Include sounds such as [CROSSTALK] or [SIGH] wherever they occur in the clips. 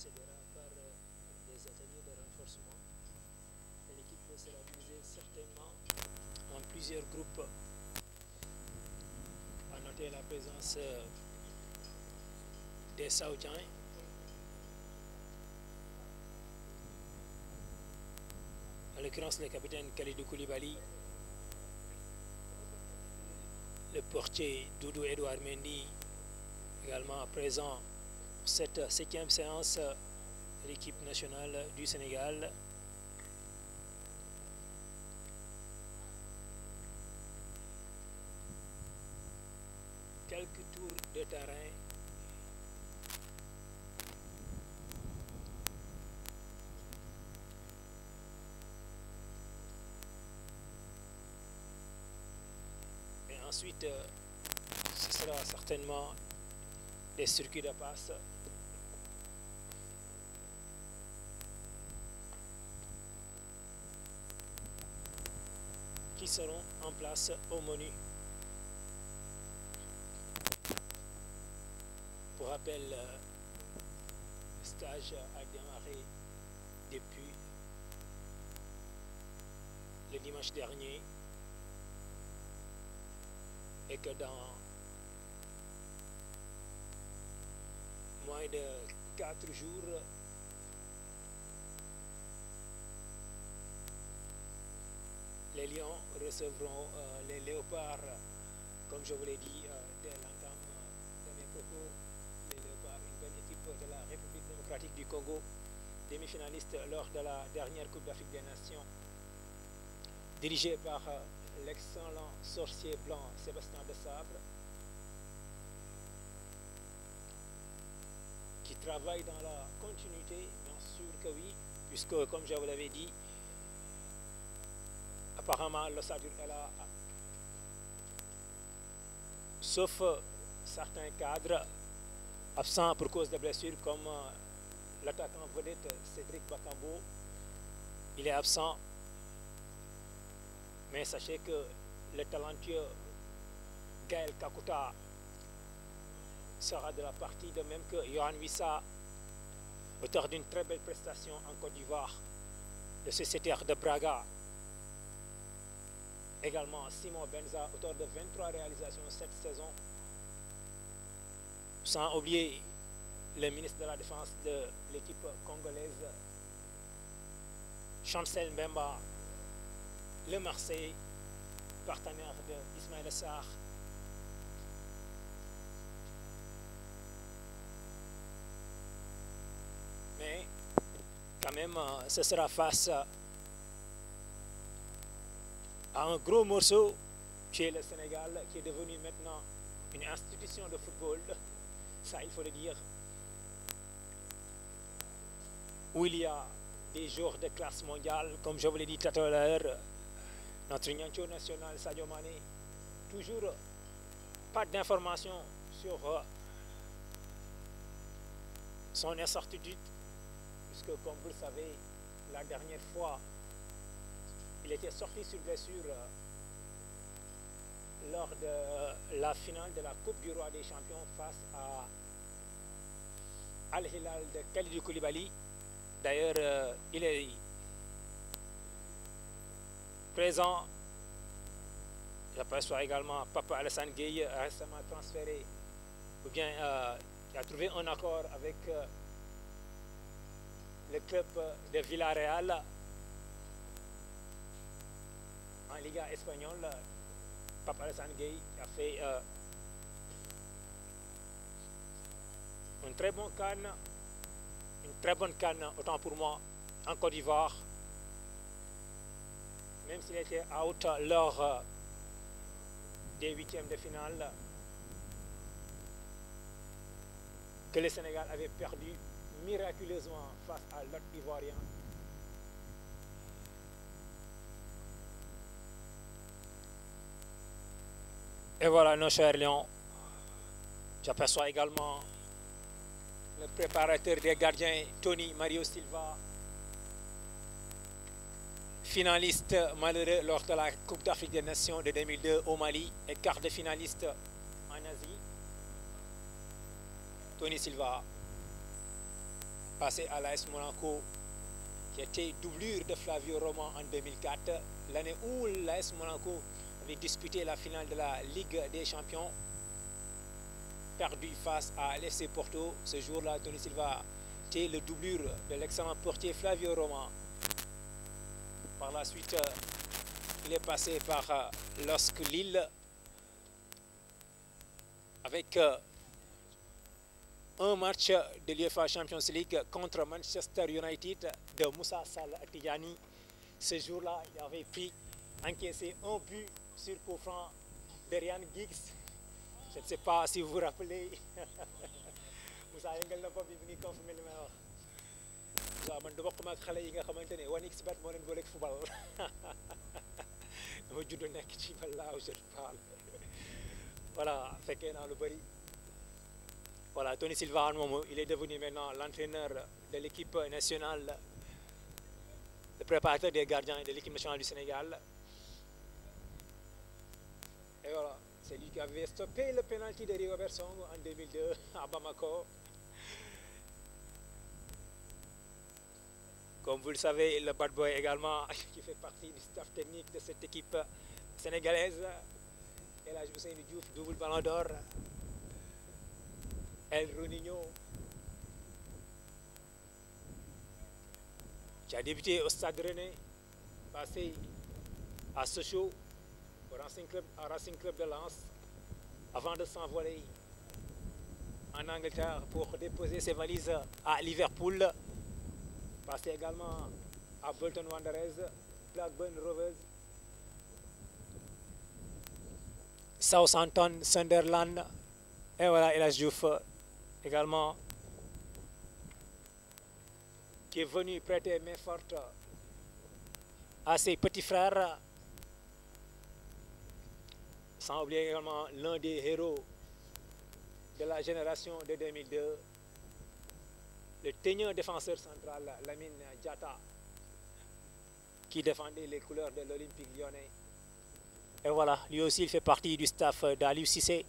procédera par euh, des ateliers de renforcement. en plusieurs groupes. À noter la présence euh, des Saoudiens en l'occurrence le capitaine Khalidou Koulibaly, le portier Doudou Edouard Mendy, également à présent cette septième séance euh, de l'équipe nationale du Sénégal. Quelques tours de terrain. Et ensuite, euh, ce sera certainement les circuits de passe qui seront en place au menu. Pour rappel, euh, stage a démarré depuis le dimanche dernier et que dans moins de quatre jours les lions recevront euh, les léopards comme je vous l'ai dit euh, dès de mes propos les léopards une équipe de la République démocratique du Congo demi-finaliste lors de la dernière Coupe d'Afrique des Nations dirigée par euh, l'excellent sorcier blanc Sébastien de Sabre travaille dans la continuité, bien puisque comme je vous l'avais dit, apparemment l'ossature est Sauf euh, certains cadres absents pour cause de blessures comme euh, l'attaquant vedette Cédric Bakambo, il est absent. Mais sachez que le talentueux Gaël Kakuta sera de la partie, de même que Yohan Wissa, auteur d'une très belle en Côte d'Ivoire, le CCTR de Braga. Également Simon Benza, auteur de 23 réalisations cette saison. Sans oublier le ministre de la Défense de l'équipe congolaise, Chancel Mbemba, le Marseille, partenaire de Ismaël Sarr, même, euh, ce sera face à un gros morceau qui est le Sénégal, qui est devenu maintenant une institution de football, ça il faut le dire, où il y a des joueurs de classe mondiale, comme je vous l'ai dit tout à l'heure, notre Nyancho national, Sadio Mané, toujours pas d'informations sur euh, son incertitude puisque comme vous le savez, la dernière fois, il était sorti sur blessure euh, lors de euh, la finale de la Coupe du Roi des Champions face à Al-Hilal de Khalidou Koulibaly. D'ailleurs, euh, il est présent. J'aperçois également Papa Alassane Gueye, récemment transféré, ou bien euh, qui a trouvé un accord avec euh, l'équipe de Villarreal en ah, Liga espagnole. Papa Alassane Gueye a fait une très bonne canne, une très bonne canne, autant pour moi, en Côte d'Ivoire. Même s'il était out lors euh, des de finale, que le Sénégal avait perdu miraculeusement face à l'autre Ivoirien. Et voilà nos chers lions. J'aperçois également le préparateur des gardiens, Tony Mario Silva, finaliste malheureux lors de la Coupe d'Afrique des Nations de 2002 au Mali et quart de finaliste en Asie. Tony Silva passé à l'AS Monaco, qui était doublure de Flavio Roman en 2004, l'année où l'AS Monaco avait disputé la finale de la Ligue des Champions, perdu face à l'FC Porto. Ce jour-là, Tony Silva était le doublure de l'excellent portier Flavio Roman. Par la suite, il est passé par euh, LOSC avec euh, un match de l'UEFA Champions League contre Manchester United de Moussa Sall Tidjani. Ce jour-là, il avait pris, encaissé un but sur coup franc de Ryan Giggs. Je ne sais pas si vous vous rappelez. [LAUGHS] Moussa yëngal na bopp bi mu ngi confirmé li may wax. Moussa man du bokk ak xale yi nga xamante ne one xbet moo leen booleeg football [LAUGHS] dama judd nekk ci balaa je parle [LAUGHS] voilà fekkee naa lu bëri. Voilà, Tony Silva Armum, il est devenu maintenant l'entraîneur de l'équipe nationale, le préparateur des gardiens de l'équipe nationale du Sénégal. Et voilà, c'est qui avait stoppé le penalty de Rigobert en à Bamako. Comme vous le savez, le bad boy également, [LAUGHS] qui fait partie du staff technique de cette équipe sénégalaise. Et là, je vous double ballon El Ronigno qui a débuté au Stade Rennais, passé à Sochaux, au Racing Club, de Lens, avant de s'envoler en Angleterre pour déposer ses valises à Liverpool, passé également à Bolton Wanderers, Blackburn Rovers, Southampton, Sunderland, et voilà El Hadji Diouf également qui est venu prêter main forte à ses petits frères, sans oublier également l'un des héros de la génération de 2002, le teigneur défenseur central Lamine Diatta, qui défendait les couleurs de l'Olympique lyonnais. Et voilà, lui aussi il fait partie du staff d'Aliou Cissé.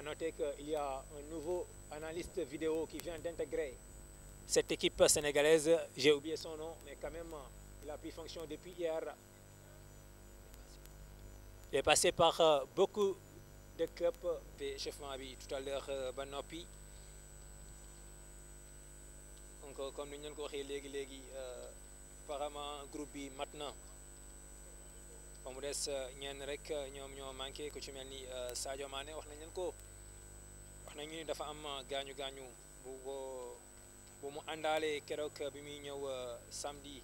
À noter qu'il y a un nouveau analyste vidéo qui vient d'intégrer cette équipe sénégalaise. J'ai oublié son nom, mais quand même, il a pris fonction depuis hier. Il est passé par euh, beaucoup de clubs. Et chef Mahabi, tout à l'heure, euh, Banopi. Donc, comme nous l'avons dit, légui apparemment groupe bi mat na ba mu des euh, ñenn rek ñoom ñoo manqué ku ci mel ni Sadio Mané wax nañ leen ko nañu ni dafa am uh, gaañu gaañu bu bu mu àndaalee kerook bi muy ñëw uh, samedi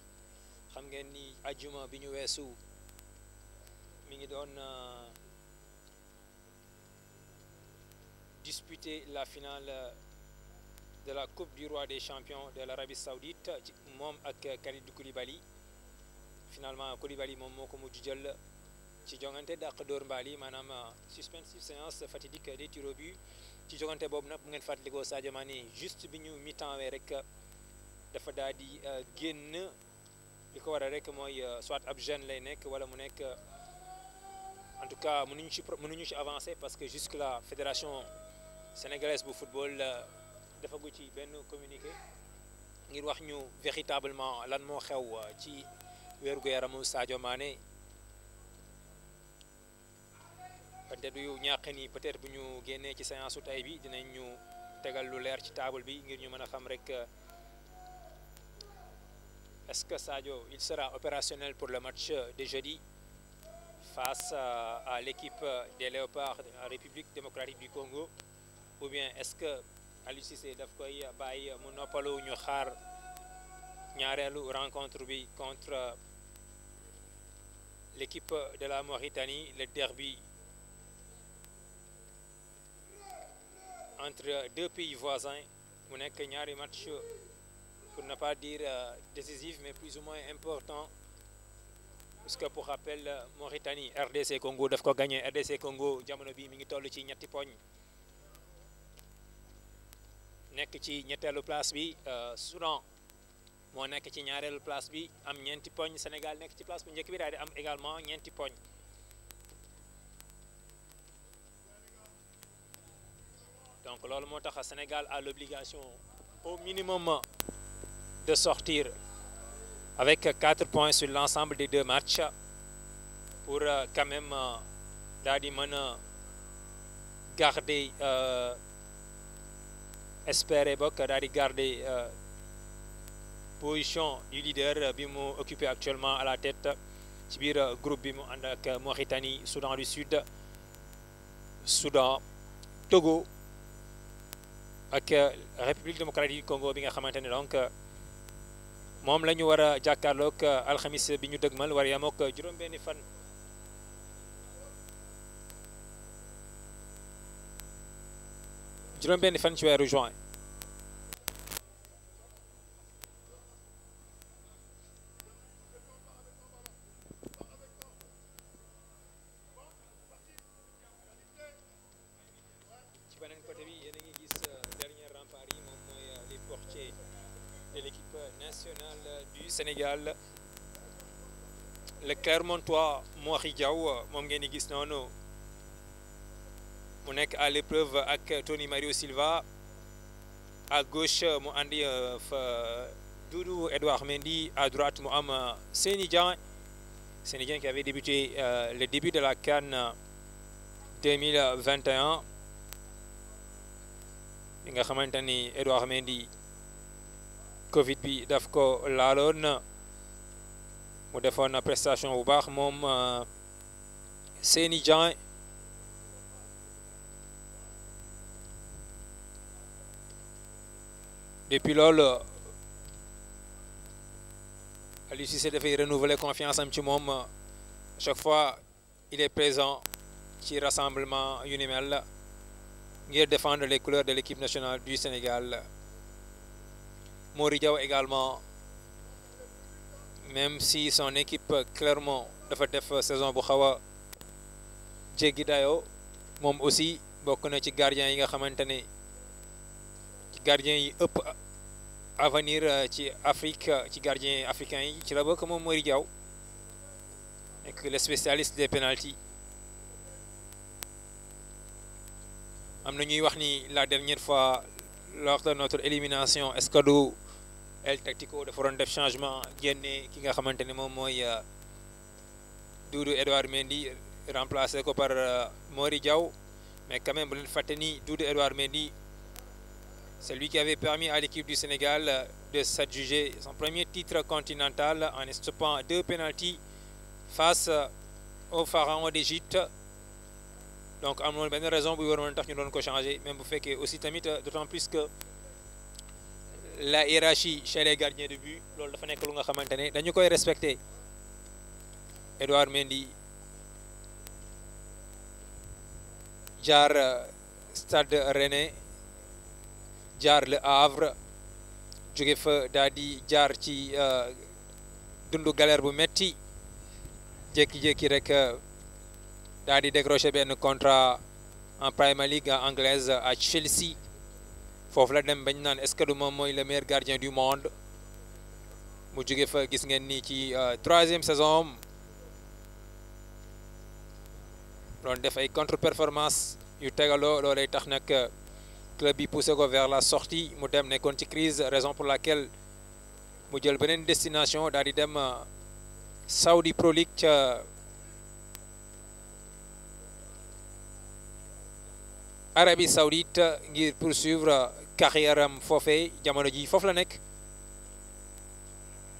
xam ngeen ni ajjuma bi ñu weesu mi ngi doon uh, disputer la finale de la coupe du roi des champions de l'Arabie saoudite moom ak Kalidou Koulibaly finalement Koulibaly moom moo ko mujj jël ci jongante dàq door mbaali maanaam suspensive séance fatidique des tirs au but ci jogante boobu nag bu ngeen fàttalikoo Sadio Mané juste bi ñu mi-temps wee rek euh, dafa daal di euh, génn li ko waral rek mooy euh, soit ab jeune lay nekk wala mu nekk en tout cas mënuñu ci mënuñu ci avancé parce que jusque la fédération sénégalaise bu football dafa gu ci benn communiqué ngir wax ñu véritablement lan moo xew ci wér gu yaramu Sadio Mané te du ñàq ni peut-être bu ñu génnee ci séance su tey bi dinañu ñu tegal lu leer ci table bi ngir ñu mën a xam rek euh, est-ce que Sadio il sera opérationnel pour le match de jeudi face euh, à l'équipe des Léopards de la République démocratique du Congo ou bien est-ce que Aliou daf koy bàyyi mu noppalu ñu xaar ñaareelu rencontre bi contre l'équipe de la Mauritanie le derby entre deux pays voisins mu nekk ñaari match pour ne pas dire euh, décisif mais plus ou moins important que pour rappel euh, Mauritanie RDC kongo daf ko gagné RDC kongo jamono bi mi ngi toll ci ñetti poñ nekk ci ñetteelu place bi euh, Soudan moo nekk ci ñaareelu place bi am ñeenti poñ Sénégal nekk ci place bu njëkk bi daal di am également ñeenti poñ donc loolu moo tax Sénégal a l'obligation au minimum de sortir avec quatre points sur l'ensemble des deux matchs pour euh, quand même euh, daal di mën a garder euh, espérer bokk daal di garder position du leader bi mu occupé actuellement à la tête ci biir groupe bi mu ànd ak Mauritanie Soudan du Sud Soudan Togo ak euh, république démocratique du Congo bi nga xamante ne donc euh, moom la ñu war a jàkkaarloog euh, alxamis bi ñu dëgmal war yamook juróom-benni fan. juróom-benni fan ci weeru juin. national du Sénégal le Clermontois Mory Diaw moom ngeen di gis noonu mu nekk à l'épreuve ak Tony Mario Silva à gauche mu andi euh, fa Doudou Edouard Mendy à droite mu am euh, Seny Dieng qui avait débuté euh, le début de la CAN 2021 li nga xamante ni Edouard Covid bi daf ko laaloon mu defoon prestation bu baax moom euh, Seny Dieng depuis loolu Aliou Cissé dafay renouveler confiance am ci moom chaque fois il est présent ci rassemblement yu ni mel ngir défendre les couleurs de l'équipe nationale du Sénégal Mori Diaw également même si son équipe clairement dafa def saison bu xaw a jéggi moom aussi bokk na ci gardien yi nga xamante ne ci gardien yi ëpp avenir euh, ci Afrique euh, ci gardien africain yi ci la bokk moom Mori Diaw nekk le spécialiste des pénalties am na ñuy wax ni la dernière fois lors de notre élimination est que du El Tactico dafa doon def changement génne ki nga xamante ne moom mooy euh, Doudou Edouard Mendy remplacé ko par euh, Mori Diaw mais quand même bu leen fàtte ni Doudou Edouard qui avait permis à l'équipe du Sénégal euh, de s'adjuger son premier titre continental en stoppant deux pénaltys face au pharaon d'Égypte donc am na benn raison bu war a mën tax ñu doon ko changer même bu fekkee aussi tamit euh, d'autant plus que la hiérarchie chez les gardiens de but loolu dafa nekk lu nga xamante ne dañu koy respecte Edouard Mendy jaar euh, Stade Rennais jaar Le Havre jóge fa daal di jaar ci euh, dundu galère bu metti jékki-jékki rek. daal di décroché benn contrat en Premier League anglaise à Chelsea foofu la dem bañ naan est-ce que du mooy le maire gardien du monde mu jóge fa gis ngeen ni ci euh, troisième saison am def ay contre performance yu tegaloo loolay tax nag euh, club bi poussé ko vers la sortie mu dem nekkoon ci crise raison pour laquelle mu jël beneen destination daal di dem euh, Saudi Pro ca Arabie Saoudite ngir poursuivre carrière am foofe jamono ji foofu la nekk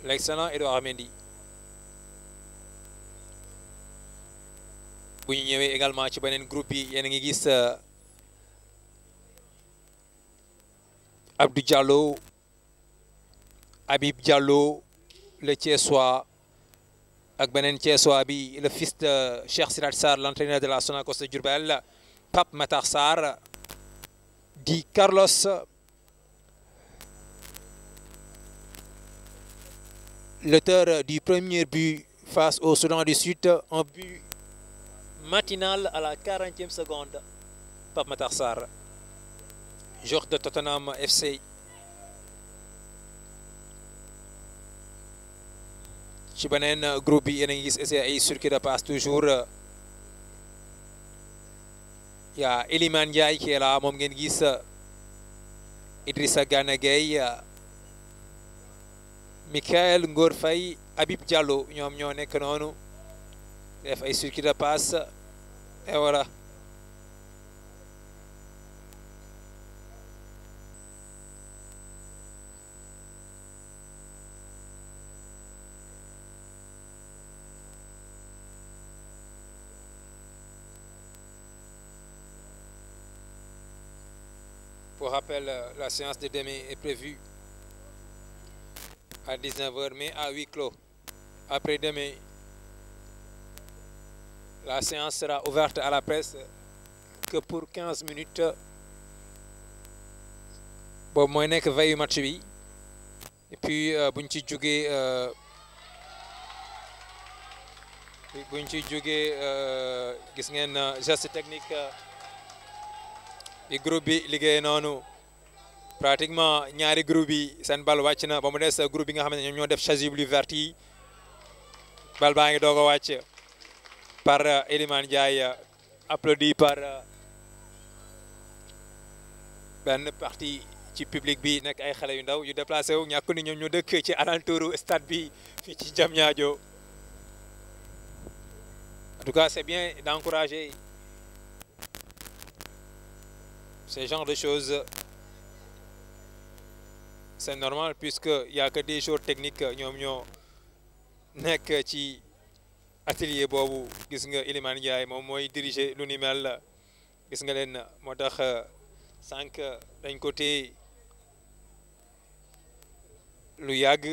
l'excellent Edouard Mendy bu ñu ñëwee également ci beneen groupe yi yéen a ngi gis Abdou Diallo Habib Diallo le Thiessois ak beneen Thiessois bi le fils de Cheikh Sirat Sarr l'entraîneur de la Sonacos de Diourbel Pape Matar di Carlos l'auteur du premier but face au Soudan du Sud un but matinal à la 40e seconde Pape Matar de Tottenham FC ci groupe bi yéen a ngi gis essai ay circuit de passe toujours yaa Elimane Ndiaye Kella moom ngeen gis Idrissa Gana Gueye Michael Ngor Faye Habib Diallo ñoom ñoo nekk noonu def ay circuit de passe et voilà Pour rappel, euh, la séance de demain est prévue à 19 mais à huis clos. Après-demain, la séance sera ouverte à la presse euh, que pour quinze minutes. boobu mooy nekk veille match bi et puis euh, bu ñu ci jógee bu ñu ci jógee gis ngeen geste technique. group bi liggéey noonu pratiquement ñaari groupe yi seen bal wàcc na ba mu des group bi nga xam ne ñoom ñoo def chasuble vert yi bal baa ngi doog a wàcc par euh, Eliman Ndiaye euh, applaudi par euh, benn partie ci public bi nekk ay xale yu ndaw yu déplacé wu ñàkk ni ñoom ñu dëkk ci alentouru stade bi fii ci ñaajo en tout cas c'est bien d'encourager ce genre de choses c'est normal puisque y a que des jours techniques ñoom ñoo nekk ci atelier boobu gis nga Ilimane Ndiaye moom mooy diriger lu ni mel gis nga leen moo tax cinq dañ ko téye lu yàgg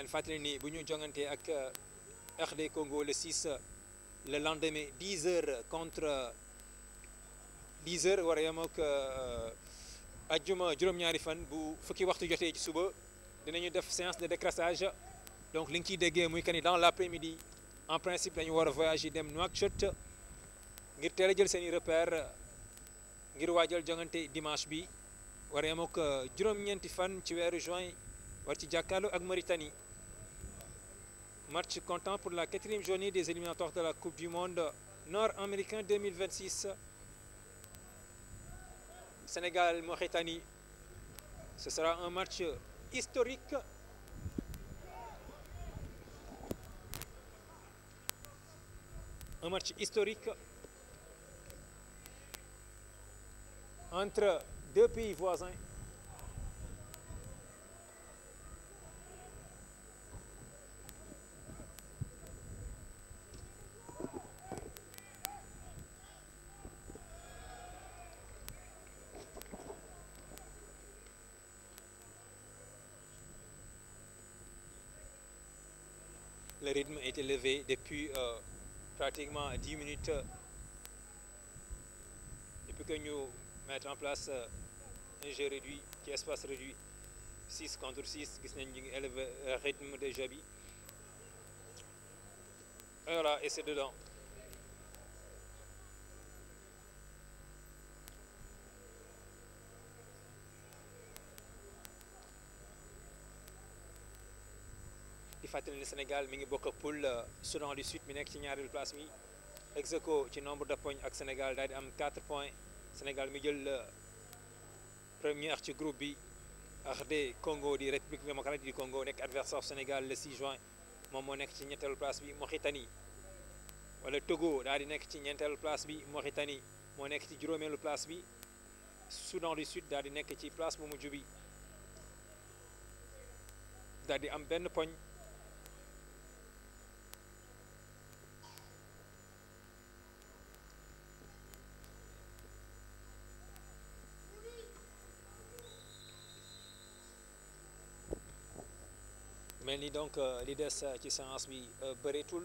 leen fàttali ni bu ñu jongante ak euh, RD Congo le 6 euh, le lendemain 10 heures contre 10 euh, heures war a yem ak juróom-ñaari fan bu fukki waxtu jotee ci suba dinañu def séance de décrassage donc li nga ciy déggee muy que ni dans l' après midi en principe dañu war a voyager dem Nouakchott ngir teel jël seen i repères ngir waajal jongante dimanche bi war a yem juróom-ñeenti fan ci weeru juin war ci jàkkaarloo ak Mauritanie. Match comptant pour la quatrième journée des éliminatoires de la Coupe du Monde nord-américain 2026. Sénégal-Mauritanie. Ce sera un match historique. Un match historique entre deux pays voisins. le rythme est élevé depuis euh, pratiquement 10 minutes depuis que nous mettons en place euh, un jeu réduit ci espace réduit 6 contre 6 gis nañ ñu ngi élevé euh, rythme de jeu bi voilà et c'est dedans fàttali ne Sénégal mi ngi bokk ak poule euh, Soudan du Sud mi nekk ci ñaareelu place mi ex aequo ci nombre de poñ ak Sénégal daal di am quatre points Sénégal mi jël euh, premier ci groupe bi RD Congo di République démocratique du Congo nekk adversaire Sénégal le 6 juin moom moo nekk ci ñetteelu place bi Mauritanie wala Togo daal nekk ci ñeenteelu place bi Mauritanie moo nekk ci juróomeelu place bi Soudan du Sud daal di nekk ci place bu mujj bi daal di am benn poñ mel donc li des ci séance bi bëreetul